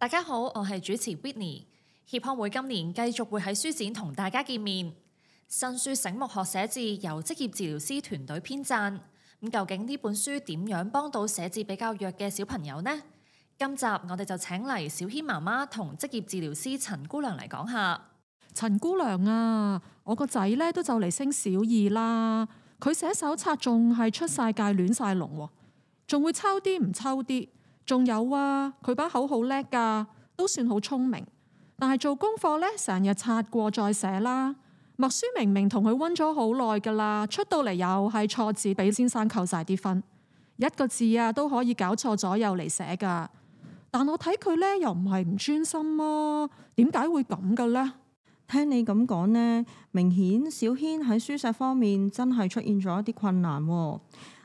大家好，我係主持 Vinnie。協康會今年繼續會喺書展同大家見面。新書醒目學寫字由職業治療師團隊編撰，咁究竟呢本書點樣幫到寫字比較弱嘅小朋友呢？今集我哋就請嚟小軒媽媽同職業治療師陳姑娘嚟講下。陳姑娘啊，我個仔咧都就嚟升小二啦，佢寫手冊仲係出晒界亂晒龍，仲會抽啲唔抽啲。仲有啊，佢把口好叻噶，都算好聰明。但係做功課咧，成日擦過再寫啦。默書明明同佢溫咗好耐噶啦，出到嚟又係錯字，俾先生扣晒啲分。一個字啊都可以搞錯左右嚟寫噶。但我睇佢咧又唔係唔專心啊，點解會咁噶咧？聽你咁講呢，明顯小軒喺書寫方面真係出現咗一啲困難。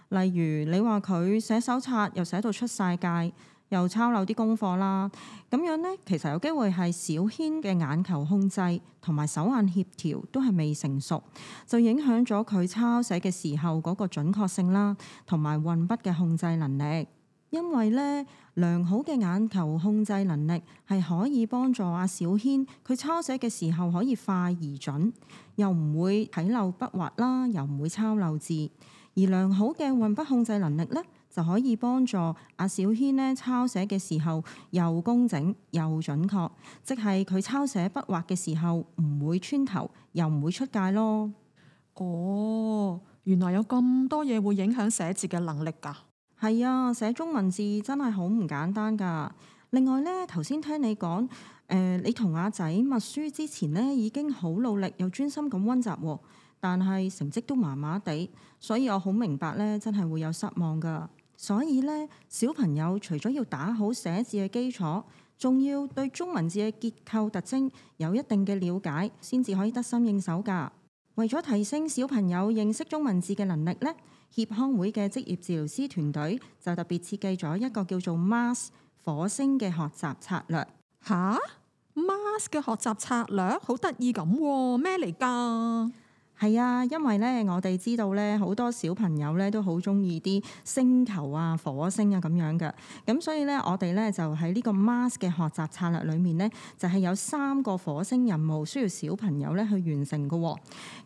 例如你話佢寫手冊又寫到出曬界，又抄漏啲功課啦，咁樣呢，其實有機會係小軒嘅眼球控制同埋手眼協調都係未成熟，就影響咗佢抄寫嘅時候嗰個準確性啦，同埋運筆嘅控制能力。因為呢，良好嘅眼球控制能力係可以幫助阿小軒佢抄寫嘅時候可以快而準，又唔會睇漏筆畫啦，又唔會抄漏字。而良好嘅運筆控制能力呢，就可以幫助阿小軒咧抄寫嘅時候又工整又準確，即係佢抄寫筆畫嘅時候唔會穿頭，又唔會出界咯。哦，原來有咁多嘢會影響寫字嘅能力㗎、啊。係啊，寫中文字真係好唔簡單㗎。另外呢，頭先聽你講，誒、呃、你同阿仔默書之前呢，已經好努力又專心咁温習喎。但係成績都麻麻地，所以我好明白咧，真係會有失望㗎。所以咧，小朋友除咗要打好寫字嘅基礎，仲要對中文字嘅結構特徵有一定嘅了解，先至可以得心應手㗎。為咗提升小朋友認識中文字嘅能力咧，協康會嘅職業治療師團隊就特別設計咗一個叫做 Mars 火星嘅學習策略。嚇，Mars 嘅學習策略好得意咁，咩嚟㗎？係啊，因為咧，我哋知道咧，好多小朋友咧都好中意啲星球啊、火星啊咁樣嘅，咁所以咧，我哋咧就喺呢個 Mars 嘅學習策略裏面咧，就係有三個火星任務需要小朋友咧去完成㗎喎。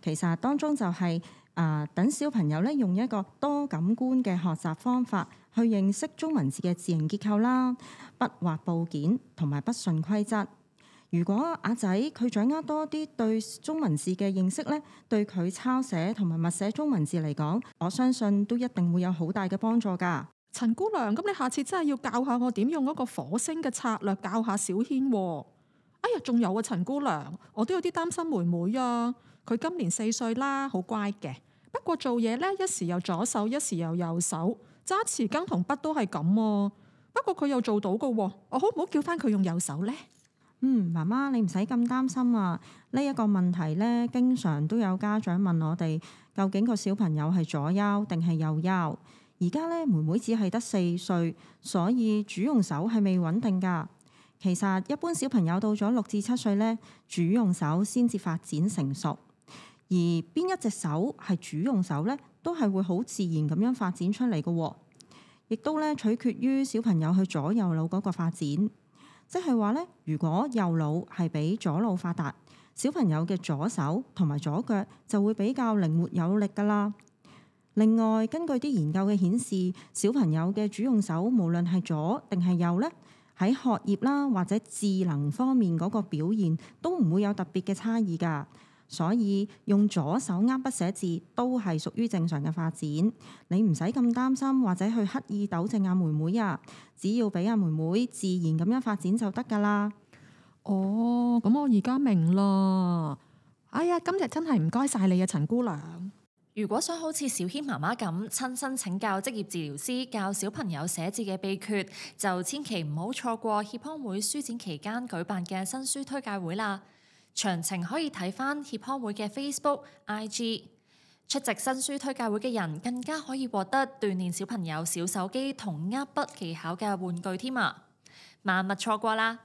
其實當中就係、是、啊，等、呃、小朋友咧用一個多感官嘅學習方法去認識中文字嘅字形結構啦，筆畫部件同埋筆順規則。如果阿仔佢掌握多啲對中文字嘅認識咧，對佢抄寫同埋默寫中文字嚟講，我相信都一定會有好大嘅幫助㗎。陳姑娘，咁你下次真係要教下我點用嗰個火星嘅策略教下小軒喎。哎呀，仲有啊，陳姑娘，我都有啲擔心妹妹啊。佢今年四歲啦，好乖嘅。不過做嘢咧，一時又左手，一時又右手揸匙羹同筆都係咁喎。不過佢又做到㗎喎。我好唔好叫返佢用右手呢？嗯，媽媽，你唔使咁擔心啊！呢、這、一個問題呢，經常都有家長問我哋，究竟個小朋友係左優定係右優？而家呢，妹妹只係得四歲，所以主用手係未穩定噶。其實一般小朋友到咗六至七歲呢，主用手先至發展成熟。而邊一隻手係主用手呢，都係會好自然咁樣發展出嚟嘅，亦都呢，取決於小朋友去左右腦嗰個發展。即係話咧，如果右腦係比左腦發達，小朋友嘅左手同埋左腳就會比較靈活有力㗎喇。另外，根據啲研究嘅顯示，小朋友嘅主用手無論係左定係右呢，喺學業啦或者智能方面嗰個表現都唔會有特別嘅差異㗎。所以用左手握筆寫字都係屬於正常嘅發展，你唔使咁擔心或者去刻意糾正阿妹妹呀、啊，只要俾阿妹妹自然咁樣發展就得噶啦。哦，咁我而家明啦。哎呀，今日真係唔該晒你啊，陳姑娘。如果想好似小軒媽媽咁親身請教職業治療師教小朋友寫字嘅秘訣，就千祈唔好錯過協康會書展期間舉辦嘅新書推介會啦。詳情可以睇返協康會嘅 Facebook、IG。出席新書推介會嘅人更加可以獲得鍛鍊小朋友小手肌同握筆技巧嘅玩具添啊！萬勿錯過啦！